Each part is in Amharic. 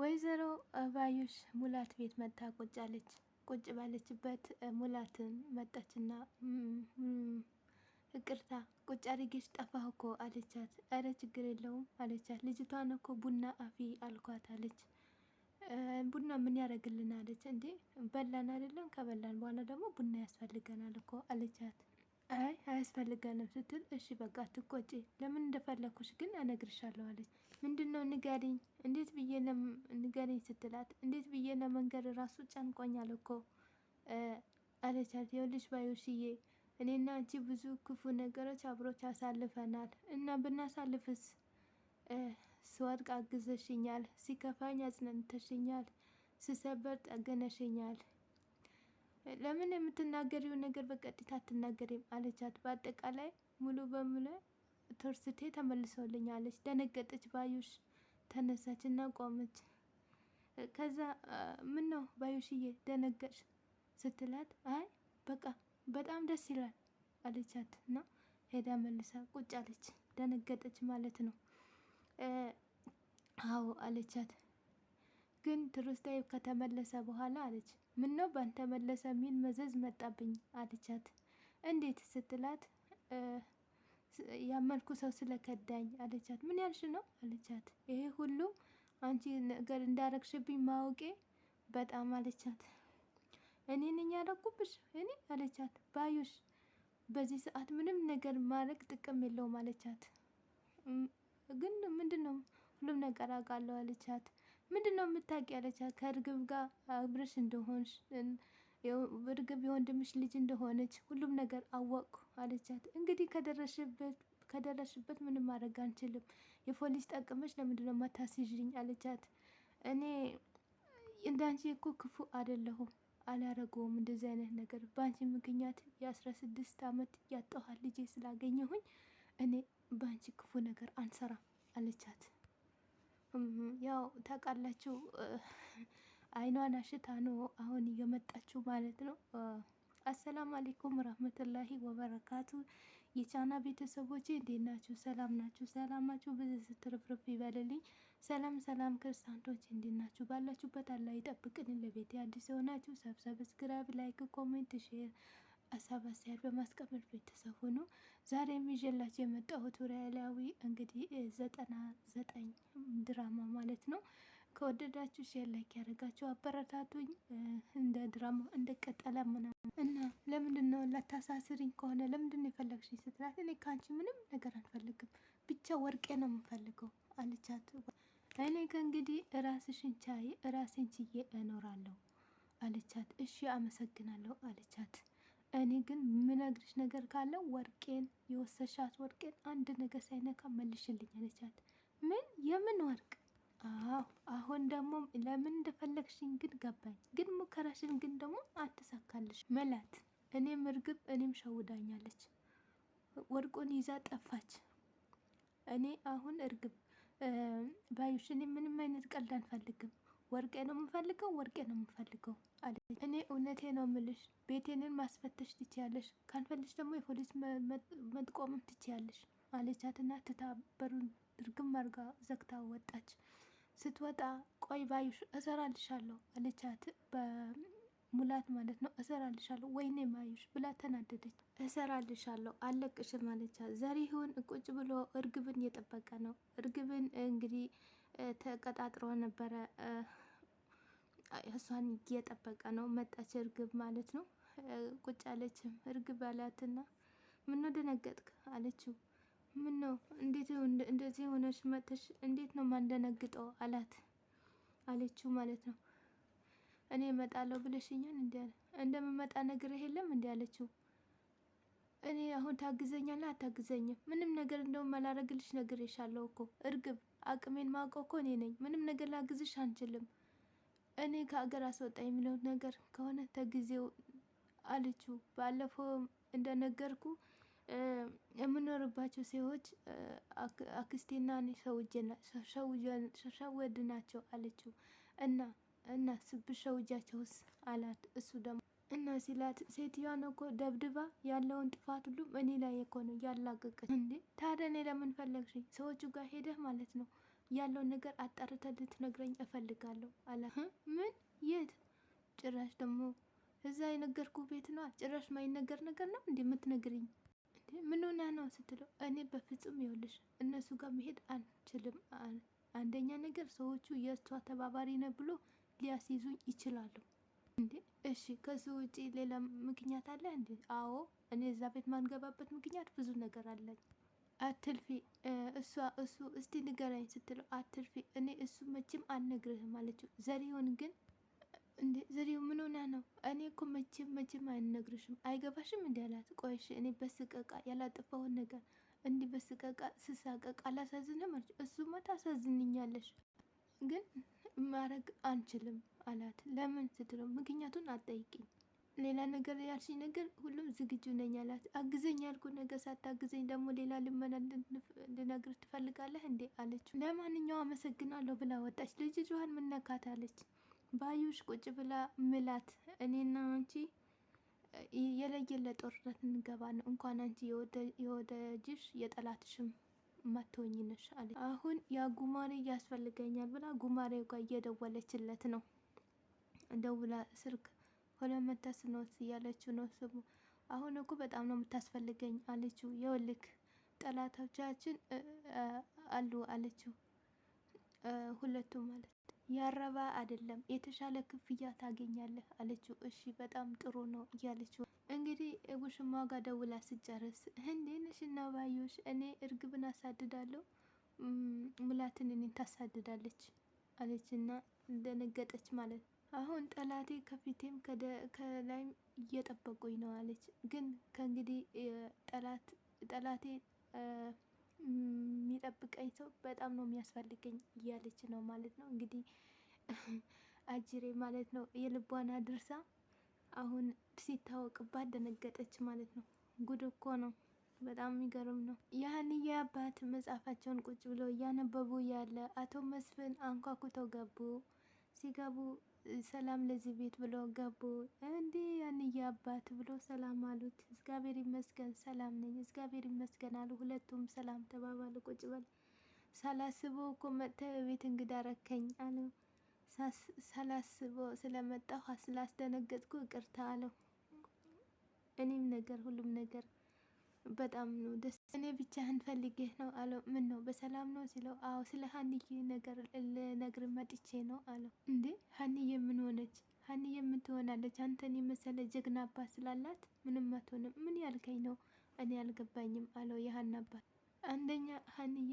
ወይዘሮ ባዩሽ ሙላት ቤት መታ ቆጫለች። ቁጭ ባለችበት ሙላትን መጣችና ይቅርታ ቁጭ አድርጌሽ ጠፋ እኮ አለቻት። እረ ችግር የለውም አለቻት። ልጅቷን እኮ ቡና አፊ አልኳት አለች። ቡና ምን ያደርግልናል አለች። እንዴ በላን አይደለም ከበላን በኋላ ደግሞ ቡና ያስፈልገናል እኮ አለቻት። አይ አያስፈልገንም ስትል እሺ በቃ ትቆጪ ለምን እንደፈለኩሽ ግን እነግርሻለሁ አለች። ምንድን ነው ንገሪኝ፣ እንዴት ብዬ ንገሪኝ ስትላት እንዴት ብዬ ለመንገድ ራሱ ጨንቆኛል እኮ አለቻት። ይኸውልሽ ባዩሽዬ እኔና አንቺ ብዙ ክፉ ነገሮች አብሮች አሳልፈናል እና ብናሳልፍስ ስወድቅ አግዘሽኛል፣ ሲከፋኝ አጽነንተሽኛል ስሰበር ጠገነሽኛል። ለምን የምትናገሪው ነገር በቀጥታ አትናገሪም? አለቻት። በአጠቃላይ ሙሉ በሙሉ ትርስቴ ተመልሰውልኛለች። ደነገጠች። ባዩሽ ተነሳች እና ቆመች። ከዛ ምን ነው ባዩሽዬ ደነገጥሽ ስትላት አይ በቃ በጣም ደስ ይላል አለቻት እና ሄዳ መልሳ ቁጭ አለች። ደነገጠች ማለት ነው። አዎ አለቻት። ግን ትርስቴ ከተመለሰ በኋላ አለች ምን ነው መለሰ የሚል መዘዝ መጣብኝ አለቻት። እንዴት ስትላት ያመልኩ ሰው ስለከዳኝ አለቻት። ምን ያልሽ ነው አለቻት። ይሄ ሁሉ አንቺ ነገር እንዳረግሽብኝ ማወቄ በጣም አለቻት። እኔ ነኝ ያደረኩብሽ እኔ አለቻት። ባዩሽ በዚህ ሰዓት ምንም ነገር ማድረግ ጥቅም የለውም አለቻት። ግን ምንድን ነው ሁሉም ነገር አውቃለሁ አለቻት። ምንድን ነው የምታውቂ አለቻት። ከእርግብ ጋር አብረሽ እንደሆንሽ እርግብ የወንድምሽ ልጅ እንደሆነች ሁሉም ነገር አወቅኩ አለቻት። እንግዲህ ከደረሽበት ከደረሽበት ምንም ማድረግ አንችልም። የፖሊስ ጠቅመች ለምንድነው ማታስይዥኝ? አለቻት። እኔ እንዳንቺ እኮ ክፉ አይደለሁም አላረገውም እንደዚህ አይነት ነገር በአንቺ ምክንያት የአስራ ስድስት አመት ያጣኋት ልጄ ስላገኘሁኝ እኔ በአንቺ ክፉ ነገር አንሰራም አለቻት። ያው ታውቃላችሁ አይኗን አሽታ ነው አሁን እየመጣችሁ ማለት ነው። አሰላም አለይኩም ረህመቱላሂ ወበረካቱ የቻና ቤተሰቦች እንዴት ናችሁ? ሰላም ናችሁ? ሰላማችሁ ብዙ ስትርፍርፍ ይበልልኝ። ሰላም ሰላም ክርስቲያኖች እንዴት ናችሁ? ባላችሁበት አላህ ይጠብቅልን። ለቤት አዲስ የሆናችሁ ሰብስክራይብ፣ ላይክ፣ ኮሜንት፣ ሼር አሳብ አስተያየት በማስቀመጥ ቤተሰብ ሁኑ። ዛሬ የሚጀላቸው የመጣሁት ኖላዊ እንግዲህ ዘጠና ዘጠኝ ድራማ ማለት ነው ከወደዳችሁ ሼር ላይክ ያደረጋችሁ አበረታቱኝ። እንደ ድራማ እንደ ቀጠለ ምናምን እና ለምንድን ነው ላታሳስሪኝ ከሆነ ለምንድን ነው የፈለግሽኝ ስትላት እኔ ከአንቺ ምንም ነገር አልፈልግም ብቻ ወርቄ ነው የምፈልገው አለቻት። እኔ ከእንግዲህ ራስሽን ቻይ ራሴን ችዬ እኖራለሁ አለቻት። እሺ አመሰግናለሁ አለቻት። እኔ ግን ምነግርሽ ነገር ካለ ወርቄን የወሰሻት ወርቄን አንድ ነገር ሳይነካ መልሽልኝ አለቻት። ምን የምን ወርቅ አሁን ደግሞ ለምን እንደፈለግሽኝ ግን ገባኝ። ግን ሙከራሽን ግን ደግሞ አትሳካልሽ መላት። እኔም እርግብ እኔም ሸውዳኛለች። ወርቁን ይዛ ጠፋች። እኔ አሁን እርግብ ባዩሽ፣ እኔ ምንም አይነት ቀልድ አንፈልግም። ወርቄ ነው የምፈልገው፣ ወርቄ ነው የምፈልገው ወርቄ ነው የምፈልገው እኔ እውነቴ ነው ምልሽ፣ ቤቴንን ማስፈተሽ ትችያለሽ፣ ካልፈልሽ ደግሞ የፖሊስ መጥቆምም ትችያለሽ አለቻትና ትታበሩን ድርግም አርጋ ዘግታ ወጣች። ስትወጣ ቆይ ባዩሽ እሰራልሻለሁ አለቻት። በሙላት ማለት ነው። እሰራልሻለሁ ወይኔ ባዩሽ ብላ ተናደደች። እሰራልሻለሁ አለቅሽም አለቻት። ዘሪሁን ቁጭ ብሎ እርግብን እየጠበቀ ነው። እርግብን እንግዲህ ተቀጣጥሮ ነበረ። እሷን እየጠበቀ ነው። መጣች እርግብ ማለት ነው። ቁጭ አለችም። እርግብ አላትና ምን ደነገጥክ አለችው። ምን ነው እንዴት እንደዚህ ሆነሽ መጥተሽ እንዴት ነው ማንደነግጠው? አላት አለችው ማለት ነው። እኔ እመጣለሁ ብለሽኛል እንዲ እንደምመጣ ነገር የለም እንዲ አለችው። እኔ አሁን ታግዘኛለህ አታግዘኝም? ምንም ነገር እንደውም አላረግልሽ ነገር የሻለው እኮ እርግብ፣ አቅሜን ማውቀው እኮ እኔ ነኝ። ምንም ነገር ላግዝሽ አንችልም። እኔ ከሀገር አስወጣ የሚለው ነገር ከሆነ ተጊዜው አለችው። ባለፈው እንደነገርኩ የምኖርባቸው ሰዎች አክስቴና ሸውድ ናቸው አለችው። እና እና ብሸውጃቸውስ አላት። እሱ ደግሞ እና ሲላት ሴትዮዋን እኮ ደብድባ ያለውን ጥፋት ሁሉ እኔ ላይ እኮ ነው ያላቀቀች። እንዴ ታዲያ እኔ ለምን ፈለግሽኝ? ሰዎቹ ጋር ሄደህ ማለት ነው ያለውን ነገር አጣርተ ልትነግረኝ እፈልጋለሁ አላት። ምን የት? ጭራሽ ደግሞ እዛ የነገርኩ ቤት ነዋ። ጭራሽ ማይነገር ነገር ነው እንዴ የምትነግርኝ? ምን ሆና ነው ስትለው፣ እኔ በፍጹም ይኸውልሽ እነሱ ጋር መሄድ አልችልም። አንደኛ ነገር ሰዎቹ የእሷ ተባባሪ ነው ብሎ ሊያስይዙኝ ይችላሉ። እንዴ እሺ፣ ከሱ ውጪ ሌላ ምክንያት አለ እንዴ? አዎ፣ እኔ እዛ ቤት ማንገባበት ምክንያት ብዙ ነገር አለኝ። አትልፊ እሷ እሱ እስቲ ንገረኝ ስትለው፣ አትልፊ እኔ እሱ መቼም አልነግርህም አለችው። ዘሪሁን ግን እንዴ ዘዴው ምን ሆና ነው? እኔ እኮ መቼም መቼም አይነግርሽም አይገባሽም እንዲ አላት። ቆይሽ እኔ በስቀቃ ያላጠፋውን ነገር እንዲ በስቀቃ ስሳቀቃ አላሳዝንም አለች። እሱማ ታሳዝንኛለሽ ግን ማድረግ አንችልም አላት። ለምን ስትለው ምክንያቱን አጠይቅኝ ሌላ ነገር ያልሽኝ ነገር ሁሉም ዝግጁ ነኝ አላት። አግዘኝ ያልኩ ነገር ሳታግዘኝ ደግሞ ሌላ ልመና ልነግር ትፈልጋለህ እንዴ አለችው። ለማንኛውም አመሰግናለሁ ብላ ወጣች። ልጅ ጆሀን ምነካት አለች። ባዩሽ ቁጭ ብላ ምላት እኔና አንቺ የለየለ ጦርነት እንገባ ነው። እንኳን አንቺ የወደጅሽ የጠላትሽም መቶኝ ነሽ አለ። አሁን ያ ጉማሬ ያስፈልገኛል ብላ ጉማሬው ጋር እየደወለችለት ነው። ደውላ ስልክ ሁለት መታ እያለችው ነው። ስሙ አሁን እኮ በጣም ነው የምታስፈልገኝ አለችው። የወልክ ጠላቶቻችን አሉ አለችው። ሁለቱም ማለት ያረባ አይደለም፣ የተሻለ ክፍያ ታገኛለህ አለችው። እሺ በጣም ጥሩ ነው እያለችው እንግዲህ ውሽማዋ ጋር ደውላ ስጨርስ እንዴት ነሽ እና ባዩሽ፣ እኔ እርግብን አሳድዳለሁ፣ ሙላትን እኔን ታሳድዳለች አለች እና ደነገጠች ማለት አሁን ጠላቴ ከፊቴም ከላይም እየጠበቁኝ ነው አለች። ግን ከእንግዲህ ጠላት ጠላቴ የሚጠብቀኝ ሰው በጣም ነው የሚያስፈልገኝ እያለች ነው ማለት ነው። እንግዲህ አጅሬ ማለት ነው የልቧን አድርሳ አሁን ሲታወቅባት ደነገጠች ማለት ነው። ጉድ እኮ ነው። በጣም የሚገርም ነው። የሀንዬ አባት መጽሐፋቸውን ቁጭ ብለው እያነበቡ ያለ አቶ መስፍን አንኳኩተው ገቡ። ሲገቡ ሰላም ለዚህ ቤት ብሎ ገቡ። እንዴ ያንዬ አባት ብሎ ሰላም አሉት። እግዚአብሔር ይመስገን ሰላም ነኝ፣ እግዚአብሔር ይመስገን አሉ። ሁለቱም ሰላም ተባባሉ። ቁጭ በል ሳላስበው እኮ መጥተህ በቤት እንግዳ ረከኝ አለ። ሳላስበው ስለመጣሁ ስላስደነገጥኩ ይቅርታ አለው። እኔም ነገር ሁሉም ነገር በጣም ነው ደስ እኔ ብቻ ፈልጌህ ነው አለው። ምን ነው በሰላም ነው ሲለው፣ አዎ ስለ ሀንዬ ነገር ልነግር መጥቼ ነው አለው። እንዴ ሀንዬ ምን ሆነች? ሀኒዬ ምን ትሆናለች? አንተን የመሰለ ጀግና አባት ስላላት ምንም አትሆንም። ምን ያልከኝ ነው? እኔ አልገባኝም አለው የሀና አባት። አንደኛ ሀኒዬ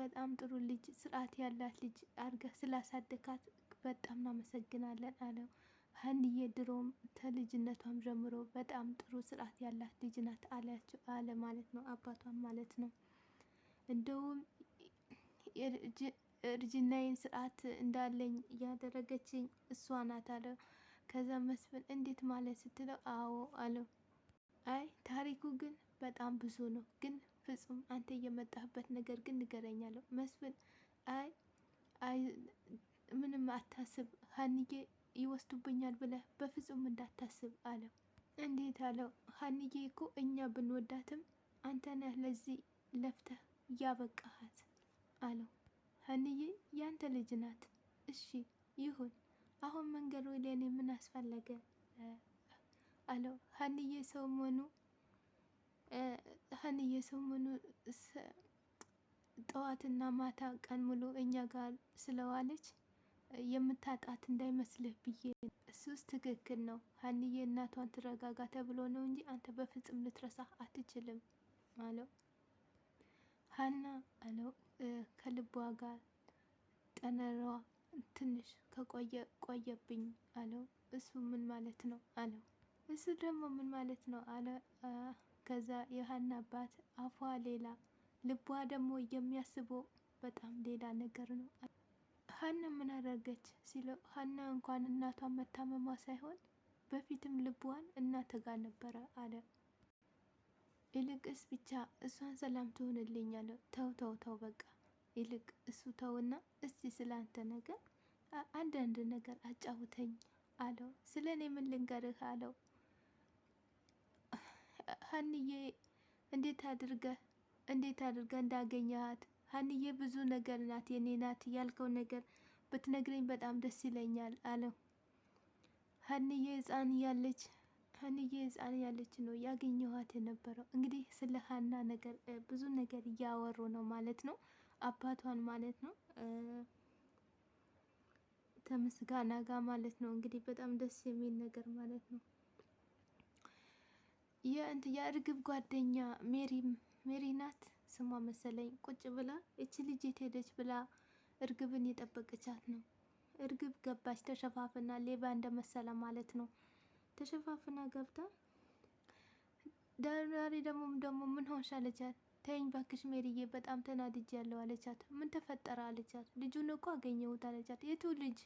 በጣም ጥሩ ልጅ፣ ስርዓት ያላት ልጅ አድርገህ ስላሳደካት በጣም እናመሰግናለን አለው። ሀንዬ ድሮም ከልጅነቷም ጀምሮ በጣም ጥሩ ስርዓት ያላት ልጅ ናት አላቸው አለ ማለት ነው። አባቷም ማለት ነው። እንደውም እርጅናዬን ስርዓት እንዳለኝ እያደረገችኝ እሷ ናት አለ። ከዛ መስፍን እንዴት ማለት ስትለው አዎ አለው። አይ ታሪኩ ግን በጣም ብዙ ነው፣ ግን ፍጹም አንተ የመጣህበት ነገር ግን ንገረኛለሁ። መስፍን አይ አይ ምንም አታስብ ሀንዬ ይወስዱብኛል ብለህ በፍጹም እንዳታስብ አለው። እንዴት አለው? ሀንዬ እኮ እኛ ብንወዳትም አንተ ነህ ለዚህ ለፍተህ ያበቃሃት አለው። ሀንዬ ያንተ ልጅ ናት። እሺ ይሁን፣ አሁን መንገዱ ለእኔ ምን አስፈለገ አለው። ሀንዬ ሰሞኑ ሀንዬ መሆኑ ጠዋትና ማታ ቀን ሙሉ እኛ ጋር ስለዋለች የምታጣት እንዳይመስልህ ብዬ እሱስ ትክክል ነው። ሀንዬ እናቷን ትረጋጋ ተብሎ ነው እንጂ አንተ በፍጹም ልትረሳ አትችልም አለው። ሀና አለው ከልቧ ጋር ጠነሯ ትንሽ ከቆየ ቆየብኝ አለው። እሱ ምን ማለት ነው አለው። እሱ ደግሞ ምን ማለት ነው አለ። ከዛ የሀና አባት አፏ ሌላ ልቧ ደግሞ የሚያስበው በጣም ሌላ ነገር ነው። ሀና ምን አደረገች ሲለው ሀና እንኳን እናቷን መታመሟ ሳይሆን በፊትም ልቧን እናት ጋር ነበረ አለ። ይልቅስ ብቻ እሷን ሰላም ትሆንልኝ አለው። ተው ተው ተው በቃ ይልቅ እሱ ተውና እስቲ ስለ አንተ ነገር አንዳንድ ነገር አጫውተኝ አለው። ስለ እኔ ምን ልንገርህ አለው። ሀንዬ እንዴት አድርገህ እንዴት አድርገህ እንዳገኘሃት ሀንዬ ብዙ ነገር ናት የኔ ናት ያልከው ነገር ብትነግረኝ በጣም ደስ ይለኛል አለው። ሀንዬ ህፃን ያለች ሀንዬ ህፃን ያለች ነው ያገኘኋት የነበረው። እንግዲህ ስለ ሀና ነገር ብዙ ነገር እያወሩ ነው ማለት ነው። አባቷን ማለት ነው ከምስጋና ጋር ማለት ነው። እንግዲህ በጣም ደስ የሚል ነገር ማለት ነው። የእርግብ ጓደኛ ሜሪ ሜሪ ናት ስሟ መሰለኝ ቁጭ ብላ እች ልጅ የት ሄደች ብላ እርግብን የጠበቀቻት ነው። እርግብ ገባች ተሸፋፍና፣ ሌባ እንደመሰለ ማለት ነው። ተሸፋፍና ገብታ ዳሪ ደግሞ ደግሞ ምን ሆንሽ አለቻት። ተይኝ ባክሽ ሜሪዬ በጣም ተናድጄ ያለው አለቻት። ምን ተፈጠረ አለቻት። ልጁን እኮ አገኘሁት አለቻት። የቱ ልጅ?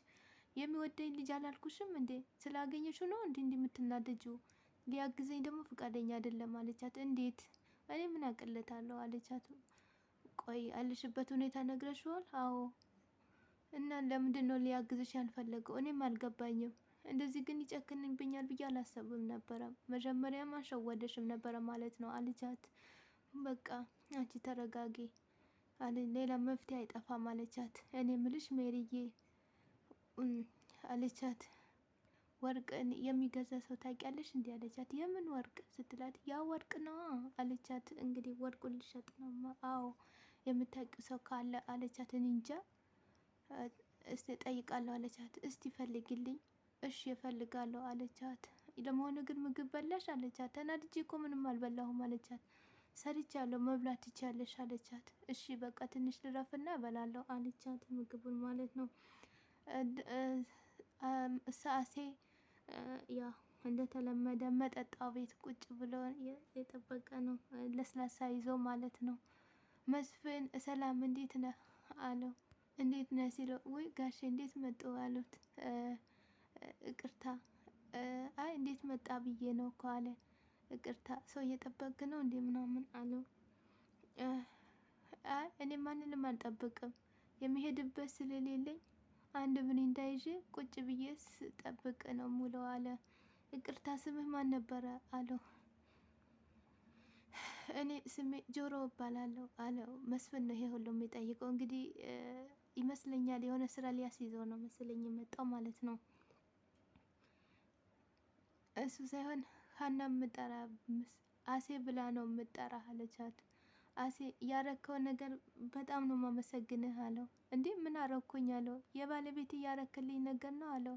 የሚወደኝ ልጅ አላልኩሽም እንዴ? ስላገኘሽው ነው እንዲ እንዲህ የምትናደጂው? ሊያግዘኝ ደግሞ ፈቃደኛ አይደለም አለቻት። እንዴት እኔ ምን አቅለታለሁ አለቻት። ቆይ አለሽበት ሁኔታ ነግረሽዋል? አዎ። እና ለምንድን ነው ሊያግዝሽ ያልፈለገው? እኔም አልገባኝም። እንደዚህ ግን ይጨክንብኛል ብዬ አላሰብም ነበረ። መጀመሪያም አሸወደሽም ነበረ ማለት ነው አለቻት። በቃ አንቺ ተረጋጊ አለ። ሌላ መፍትሄ አይጠፋም አለቻት። እኔ ምልሽ ሜሪዬ አለቻት። ወርቅን የሚገዛ ሰው ታውቂያለሽ? እንዲህ አለቻት። የምን ወርቅ ስትላት ያ ወርቅ ነው አለቻት። እንግዲህ ወርቁን ልሸጥ ነው። አዎ የምታውቂው ሰው ካለ አለቻት። እንጃ እስቲ ጠይቃለሁ አለቻት። እስቲ ፈልግልኝ። እሺ እፈልጋለሁ አለቻት። ለመሆኑ ግን ምግብ በላሽ አለቻት። ተናድጄ እኮ ምንም አልበላሁም አለቻት። ሰርቻለሁ መብላት ትችያለሽ አለቻት። እሺ በቃ ትንሽ ልረፍና እበላለሁ አለቻት። ምግቡን ማለት ነው። ሰአሴ ያ እንደተለመደ መጠጣው ቤት ቁጭ ብሎ የጠበቀ ነው። ለስላሳ ይዞ ማለት ነው። መስፍን ሰላም እንዴት ነህ አለው። እንዴት ነህ ሲለው ውይ ጋሽ እንዴት መጡ አሉት። እቅርታ፣ አይ እንዴት መጣ ብዬ ነው እኮ አለ። እቅርታ፣ ሰው እየጠበቅ ነው እንዴ ምናምን አለው። አይ እኔ ማንንም አልጠብቅም የሚሄድበት ስለሌለኝ አንድ ምን እንዳይዥ ቁጭ ብዬ ስጠብቅ ነው ሙለው አለ። ይቅርታ ስምህ ማን ነበረ አለው። እኔ ስሜ ጆሮ እባላለሁ አለው። መስፍን ነው ይሄ ሁሉ የሚጠይቀው እንግዲህ ይመስለኛል የሆነ ስራ ሊያስይዘው ነው መሰለኝ የመጣው ማለት ነው። እሱ ሳይሆን ሀና ምጠራ አሴ ብላ ነው ምጠራ አለቻት። አሴ ያረከውን ነገር በጣም ነው ማመሰግንህ አለው። እንዴ ምን አረኩኝ አለው። የባለቤት እያረክልኝ ነገር ነው አለው።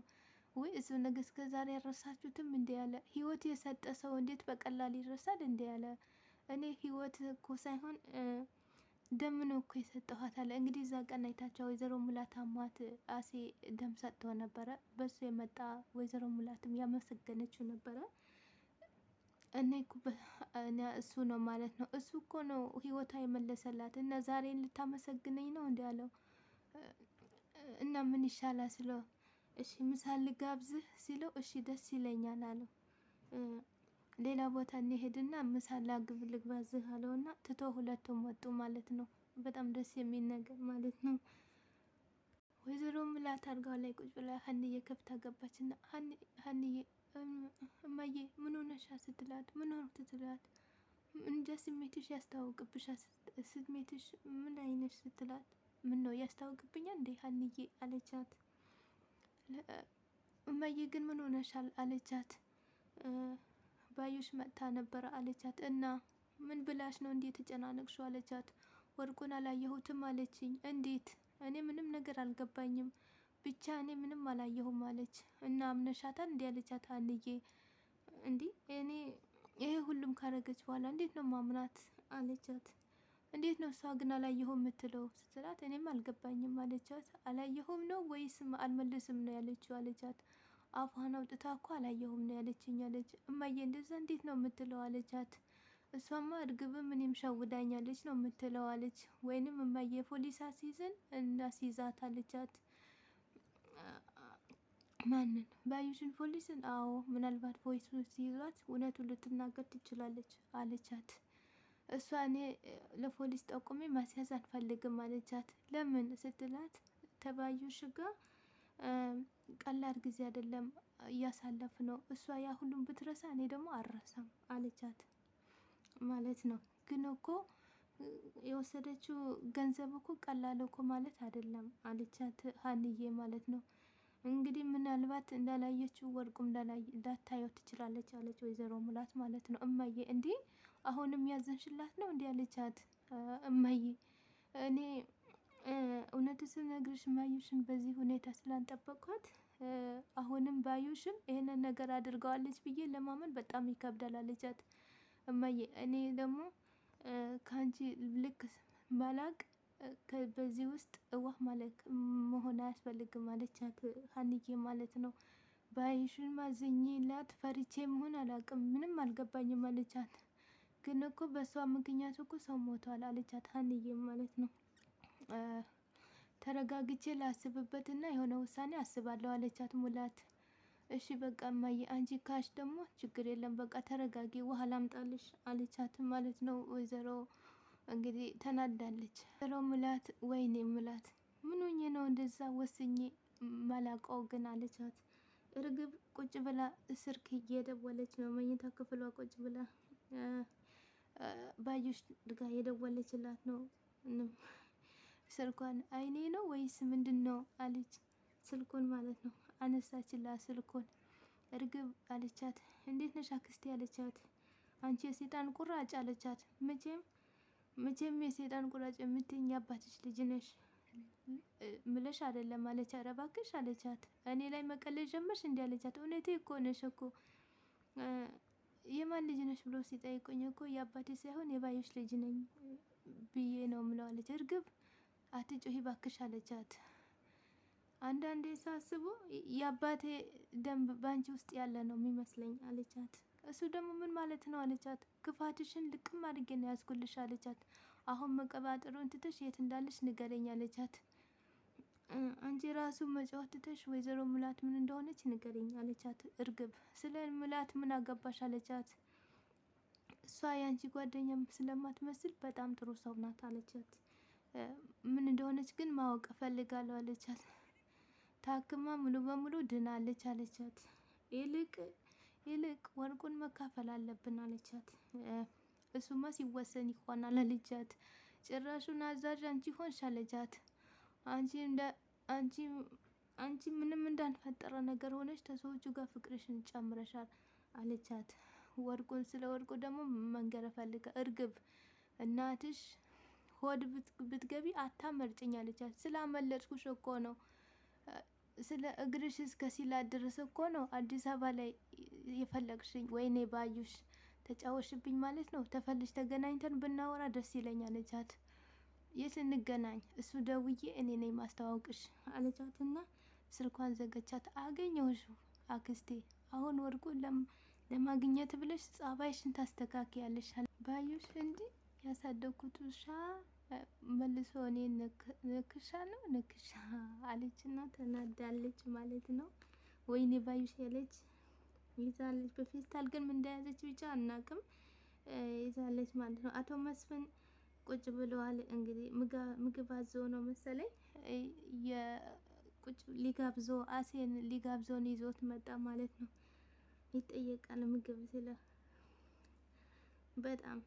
ወይ እሱ ነገር እስከ ዛሬ ያረሳችሁትም እንዴ ያለ ህይወት የሰጠ ሰው እንዴት በቀላል ይረሳል እንዴ ያለ እኔ ህይወት እኮ ሳይሆን ደም ነው እኮ የሰጠኋት አለ። እንግዲህ እዛ ቀን አይታቸው ወይዘሮ ሙላት አማት አሴ ደም ሰጥተው ነበረ። በሱ የመጣ ወይዘሮ ሙላትም ያመሰገነችው ነበረ። እኔ እሱ ነው ማለት ነው። እሱ እኮ ነው ህይወቷ የመለሰላት እና ዛሬን ልታመሰግነኝ ነው እንዲ ያለው እና ምን ይሻላል ስለው እሺ ምሳ ልጋብዝህ ሲለው እሺ ደስ ይለኛል አለው። ሌላ ቦታ እንሄድና ምሳ ላግብ ልግባዝህ አለው እና ትቶ ሁለቱም ወጡ ማለት ነው። በጣም ደስ የሚል ነገር ማለት ነው። ወይዘሮ ምላት አልጋው ላይ ቁጭ ብላ ሀንዬ ከፍታ ገባችና ሀንዬ እማዬ ምን ሆነሻ ስትላት ምን ሆንክ ስትላት እንደ ስሜትሽ ያስታውቅብሻል ስሜትሽ ምን አይነት ስትላት ምን ነው ያስታውቅብኛል እንዴ ሀንዬ አለቻት። እማዬ ግን ምን ሆነሻል አለቻት። ባዩሽ መጥታ ነበረ አለቻት። እና ምን ብላሽ ነው እንዴት ተጨናነቅሹ አለቻት። ወርቁን አላየሁትም አለችኝ። እንዴት እኔ ምንም ነገር አልገባኝም ብቻ እኔ ምንም አላየሁም አለች እና አምነሻታል እንዲ ያለቻት አንዬ እንዲ እኔ ይሄ ሁሉም ካረገች በኋላ እንዴት ነው ማምናት አለቻት። እንዴት ነው እሷ ግን አላየሁም የምትለው ስትላት እኔም አልገባኝም አለቻት። አላየሁም ነው ወይስ አልመልስም ነው ያለችው አለቻት። አፏን አውጥታ እኮ አላየሁም ነው ያለችኝ አለች። እማዬ እንደዛ እንዴት ነው የምትለው አለቻት። እሷማ እርግብም እኔም ሸውዳኛለች ነው የምትለው አለች። ወይንም እማዬ ፖሊስ አስይዘን እናስይዛት አለቻት። ማንን ባዩሽን? ፖሊስን? አዎ፣ ምናልባት ፖሊስ ሲይዟት እውነቱን ልትናገር ትችላለች አለቻት። እሷ እኔ ለፖሊስ ጠቁሜ ማስያዝ አልፈልግም አለቻት። ለምን ስትላት ተባዩሽ ጋር ቀላል ጊዜ አይደለም እያሳለፍ ነው። እሷ ያ ሁሉም ብትረሳ እኔ ደግሞ አልረሳም አለቻት። ማለት ነው ግን እኮ የወሰደችው ገንዘብ እኮ ቀላል እኮ ማለት አይደለም አለቻት ሀንዬ ማለት ነው እንግዲህ ምናልባት እንዳላየችው ወርቁም እንዳታየው ትችላለች አለች ወይዘሮ ሙላት ማለት ነው። እማዬ እንዴ አሁንም ያዘንሽላት ነው እንዲህ አለቻት። እማዬ እኔ እውነት ስነግርሽ ማዩሽን በዚህ ሁኔታ ስላንጠበቅኳት አሁንም ባዩሽም ይህንን ነገር አድርገዋለች ብዬ ለማመን በጣም ይከብዳል አለቻት። እማዬ እኔ ደግሞ ከአንቺ ልክ ባላቅ በዚህ ውስጥ እዋህ ማለት መሆን አያስፈልግም አለች ሀንዬ ማለት ነው። ባይሽን ማዘኝላት ፈርቼ መሆን አላውቅም ምንም አልገባኝም አለቻት። ግን እኮ በእሷ ምክንያት እኮ ሰው ሞቷል አለቻት ሀንዬ ማለት ነው። ተረጋግቼ ላስብበት እና የሆነ ውሳኔ አስባለሁ አለቻት ሙላት። እሺ በቃ እማዬ አንቺ ካሽ ደግሞ ችግር የለም በቃ ተረጋጊ ውሃ ላምጣልሽ አለቻት ማለት ነው ወይዘሮ እንግዲህ ተናዳለች። ሮ ምላት ወይኔ ምላት ምን ሆኜ ነው እንደዛ ወስኜ መላቀው ግን አለቻት። እርግብ ቁጭ ብላ ስልክ እየደወለች ነው። መኝታ ክፍሏ ቁጭ ብላ ባዩሽ ጋር የደወለችላት ነው። ስልኳን አይኔ ነው ወይስ ምንድን ነው አለች። ስልኩን ማለት ነው አነሳችላት። ስልኩን እርግብ አለቻት። እንዴት ነሽ አክስቴ አለቻት። አንቺ የሴጣን ቁራጭ አለቻት። መቼም መቼም የሴጣን ቁራጭ የምትይኝ አባትሽ ልጅ ነሽ ምለሽ አይደለም ማለች። ኧረ እባክሽ አለቻት። እኔ ላይ መቀለል ጀመርሽ እንዲ አለቻት። እውነቴ እኮ ነሽ እኮ የማን ልጅ ነሽ ብሎ ሲጠይቁኝ እኮ የአባቴ ሳይሆን የባዮሽ ልጅ ነኝ ብዬ ነው ምለው አለች። እርግብ አትጮሂ ባክሽ አለቻት። አንዳንዴ ሳስቡ የአባቴ ደንብ ባንቺ ውስጥ ያለ ነው የሚመስለኝ አለቻት። እሱ ደግሞ ምን ማለት ነው አለቻት። ክፋትሽን ልቅም አድርጌ ነው ያዝኩልሽ አለቻት። አሁን መቀባጠሩን ትተሽ የት እንዳለሽ ንገረኝ አለቻት። አንቺ ራሱ መጫወት ትተሽ ወይዘሮ ሙላት ምን እንደሆነች ንገረኝ አለቻት። እርግብ ስለ ሙላት ምን አገባሽ አለቻት። እሷ የአንቺ ጓደኛ ስለማትመስል በጣም ጥሩ ሰው ናት አለቻት። ምን እንደሆነች ግን ማወቅ እፈልጋለሁ አለቻት። ታክማ ሙሉ በሙሉ ድናለች አለቻት። ይልቅ ይልቅ ወርቁን መካፈል አለብን አለቻት። እሱማ ሲወሰን ይሆናል አለቻት። ጭራሹን አዛዥ አንቺ ሆንሽ አለቻት። አንቺ ምንም እንዳልፈጠረ ነገር ሆነች። ከሰዎቹ ጋር ፍቅርሽን ጨምረሻል አለቻት። ወርቁን ስለ ወርቁ ደግሞ መንገር ፈልገ እርግብ እናትሽ ሆድ ብትገቢ አታመልጭኝ አለቻት። ስላመለጥኩሽ እኮ ነው ስለ እግርሽ እስከ ሲላ ድረስ እኮ ነው አዲስ አበባ ላይ የፈለግሽኝ። ወይኔ ባዩሽ ተጫወሽብኝ ማለት ነው። ተፈልሽ ተገናኝተን ብናወራ ደስ ይለኛል እቻት የት እንገናኝ? እሱ ደውዬ እኔ ነኝ ማስተዋወቅሽ አለቻትና ስልኳን ዘገቻት። አገኘሁሽ አክስቴ፣ አሁን ወርቁ ለማግኘት ብለሽ ጸባይሽን ታስተካክያለሽ። ባዩሽ እንዲህ ያሳደግኩት ውሻ መልሶ እኔ ንክሻ ነው ንክሻ አለችና ተናዳለች ማለት ነው። ወይኔ ባዩሽ ያለች ይዛለች። በፌስታል ግን ምን እንደያዘች ብቻ አናቅም ይዛለች ማለት ነው። አቶ መስፍን ቁጭ ብለዋል። እንግዲህ ምግብ አዞ ነው መሰለኝ ቁጭ ሊጋብዞ አሴን ሊጋብዞን ይዞት መጣ ማለት ነው። ይጠየቃል ምግብ ስለ በጣም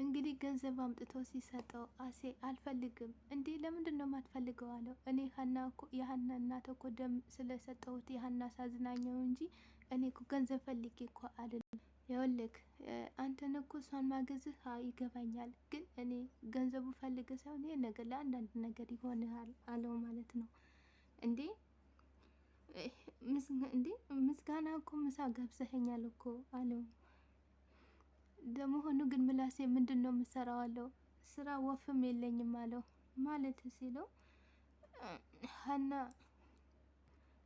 እንግዲህ ገንዘብ አምጥቶ ሲሰጠው አሴ አልፈልግም እንዴ ለምንድን ነው የማትፈልገው አለው። እኔ ሀና እኮ የሀና እናት እኮ ደም ስለሰጠሁት የሀና ሳዝናኘው እንጂ እኔ እኮ ገንዘብ ፈልጌ እኮ አይደለም። ይኸውልህ አንተን እኮ እሷን ማገዝህ ይገባኛል፣ ግን እኔ ገንዘቡ ፈልገ ሳይሆን ይሄ ነገር ለአንዳንድ ነገር ይሆንሃል አለው ማለት ነው እንዴ እንዴ ምስጋና እኮ ምሳ ገብዘኸኛል እኮ አለው ለመሆኑ ግን ምላሴ ምንድን ነው የምሰራው? አለው። ስራ ወፍም የለኝም አለው። ማለት ሲለው ሀና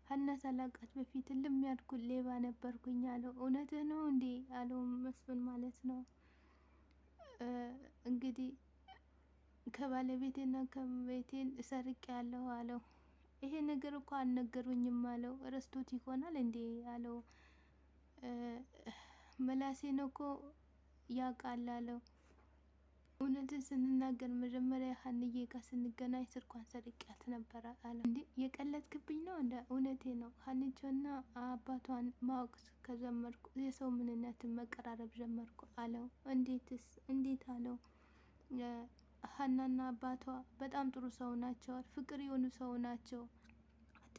ሀና ሳላቃት በፊት እልም ያልኩ ሌባ ነበርኩኝ አለው። እውነትህ ነው እንዴ? አለው መስፍን ማለት ነው እንግዲህ ከባለቤቴና ከቤቴን ሰርቅ ያለው አለው። ይሄ ነገር እኮ አልነገሩኝም አለው። ረስቶት ይሆናል እንዴ አለው። መላሴን እኮ ያቃላለሁ። እውነትን ስንናገር መጀመሪያ ሀንዬ ጋር ስንገናኝ ስልኳን ሰርቂያት ነበረ አለ። እንዴ የቀለድክብኝ ነው? እንደ እውነቴ ነው። ሀንቾና አባቷን ማወቅ ከጀመርኩ የሰው ምንነትን መቀራረብ ጀመርኩ አለው። እንዴትስ? እንዴት አለው። ሀናና አባቷ በጣም ጥሩ ሰው ናቸው። ፍቅር የሆኑ ሰው ናቸው።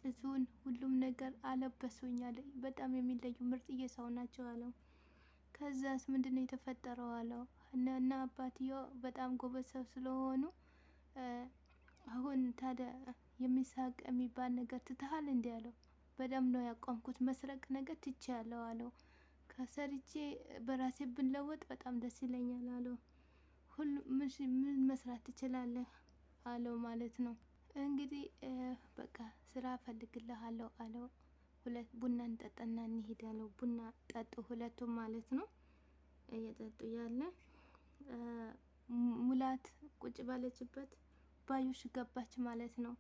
ጥዙን ሁሉም ነገር አለበሱኝ አለ። በጣም የሚለዩ ምርጥዬ ሰው ናቸው አለው። ከዛስ ምንድን ነው የተፈጠረው አለው እና አባትየው በጣም ጎበዝ ሰው ስለሆኑ አሁን ታዲያ የሚሳቅ የሚባል ነገር ትተሃል እንዲ አለው። በደም ነው ያቋምኩት መስረቅ ነገር ትቼ ያለው አለው። ከሰርቼ በራሴ ብንለወጥ በጣም ደስ ይለኛል አለው። ሁሉም ምን መስራት ትችላለህ አለው ማለት ነው። እንግዲህ በቃ ስራ እፈልግልሃለሁ አለው። ሁለት ቡና እንጠጣና እንሄድ ያለው ቡና ጠጡ፣ ሁለቱም ማለት ነው። እየጠጡ ያለ ሙላት ቁጭ ባለችበት ባዩሽ ገባች ማለት ነው።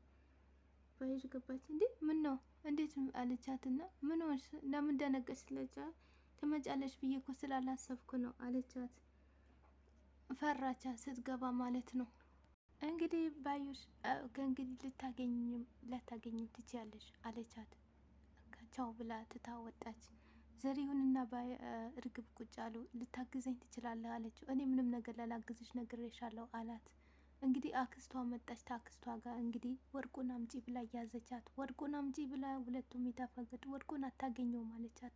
ባዩሽ ገባች። እንዴ ምን ነው እንዴት አለቻትና፣ ምን ሆንሽ ለምን ደነገጥሽ ስለቻት ትመጫለሽ ብዬ እኮ ስላላሰብኩ ነው አለቻት። ፈራቻ ስትገባ ማለት ነው። እንግዲህ ባዩሽ ከእንግዲህ ልታገኝም ላታገኝም ትችያለሽ አለቻት። ቻው ብላ ትታ ወጣች። ዘሪሁንና እርግብ ቁጭ አሉ። ልታግዘኝ ትችላለህ አለችው። እኔ ምንም ነገር ላላግዝሽ ነግሬሻለሁ አላት። እንግዲህ አክስቷ መጣች። ታክስቷ ጋር እንግዲህ ወርቁን አምጪ ብላ እያዘቻት፣ ወርቁን አምጪ ብላ ሁለቱም የታፈገጡ ወርቁን አታገኘው ማለቻት።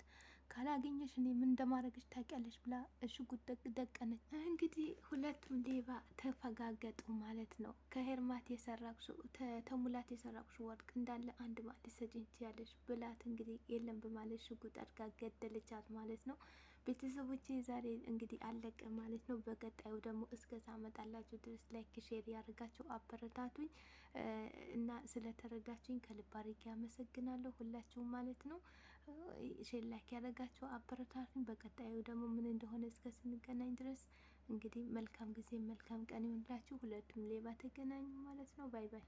ካላገኘሽ እኔ ምን እንደማረግሽ ታውቂያለሽ ብላ ሽጉጥ ደቀነች። እንግዲህ ሁለቱም ሌባ ተፈጋገጡ ማለት ነው። ከሄርማት የሰራቅሽው ተሙላት የሰራቅሽው ወርቅ እንዳለ አንድ ማለት ሰጪኝ ትችያለሽ ብላት እንግዲህ የለም በማለት ሽጉጥ አድጋ ገደለቻት ማለት ነው። ቤተሰቦች ዛሬ እንግዲህ አለቀ ማለት ነው። በቀጣዩ ደግሞ እስከዛ መጣላችሁ ድረስ ላይክ ሼር ያደርጋችሁ አበረታቱኝ እና ስለተረዳችሁኝ ከልብ አድርጌ አመሰግናለሁ ሁላችሁም ማለት ነው። ሼር ላይክ ያደርጋችሁ አበረታቱኝ። በቀጣዩ ደግሞ ምን እንደሆነ እስከ ስንገናኝ ድረስ እንግዲህ መልካም ጊዜ መልካም ቀን ይሁንላችሁ። ሁለቱም ሌባ ተገናኙ ማለት ነው። ባይ ባይ።